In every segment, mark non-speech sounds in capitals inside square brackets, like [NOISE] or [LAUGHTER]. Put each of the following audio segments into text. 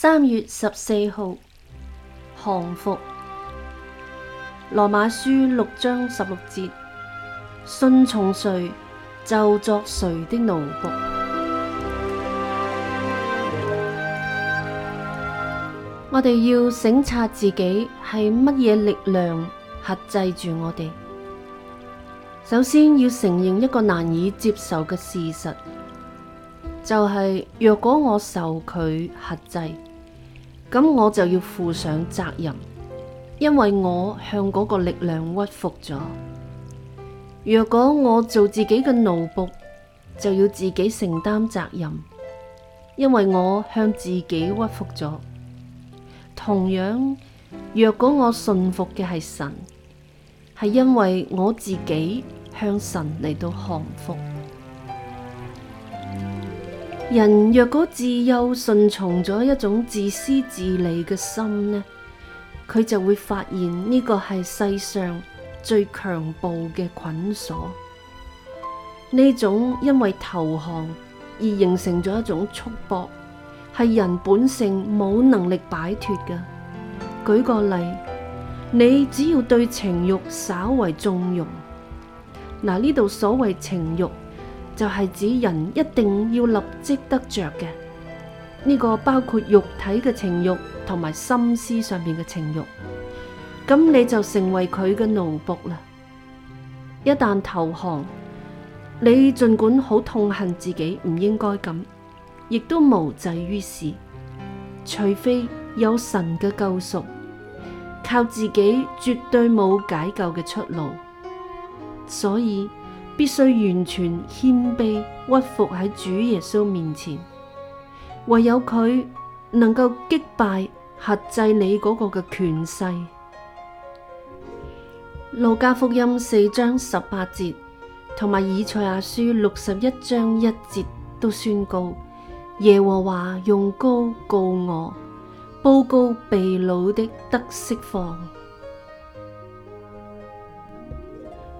三月十四號，降服羅馬書六章十六節，順從誰就作誰的奴僕。 [MUSIC] 我哋要省察自己係乜嘢力量轄制住我哋。首先要承認一個難以接受嘅事實，就係、是、若果我受佢轄制。咁我就要負上責任，因為我向嗰個力量屈服咗。若果我做自己嘅奴僕，就要自己承擔責任，因為我向自己屈服咗。同樣，若果我信服嘅係神，係因為我自己向神嚟到降服。人若果自幼順從咗一種自私自利嘅心呢，佢就會發現呢個係世上最強暴嘅捆鎖。呢種因為投降而形成咗一種束縛，係人本性冇能力擺脫㗎。舉個例，你只要對情欲稍為縱容，嗱呢度所謂情欲。就係指人一定要立即得着嘅呢個，包括肉體嘅情欲同埋心思上面嘅情欲，咁你就成為佢嘅奴僕啦。一旦投降，你盡管好痛恨自己唔應該咁，亦都無濟於事，除非有神嘅救贖，靠自己絕對冇解救嘅出路，所以。必須完全謙卑屈服喺主耶穌面前，唯有佢能夠擊敗克制你嗰個嘅權勢。路加福音四章十八節同埋以賽亞書六十一章一節都宣告：耶和華用膏膏我，報告被擄的得釋放。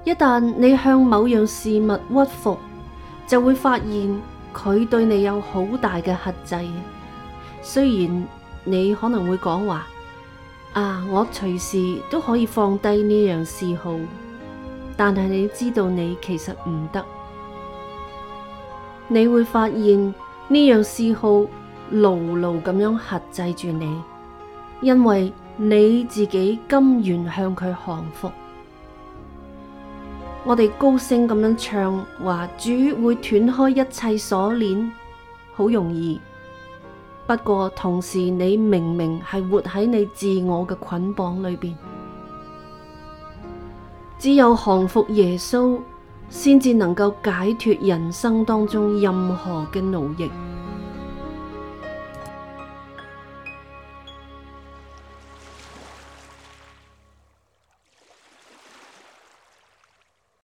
一旦你向某樣事物屈服，就會發現佢對你有好大嘅限制。雖然你可能會講話啊，我隨時都可以放低呢樣嗜好，但係你知道你其實唔得。你會發現呢樣嗜好牢牢咁樣限制住你，因為你自己甘願向佢降服。我哋高聲咁樣唱，話主會斷開一切鎖鏈，好容易。不過同時，你明明係活喺你自我嘅捆綁裏邊，只有降服耶穌，先至能夠解脫人生當中任何嘅奴役。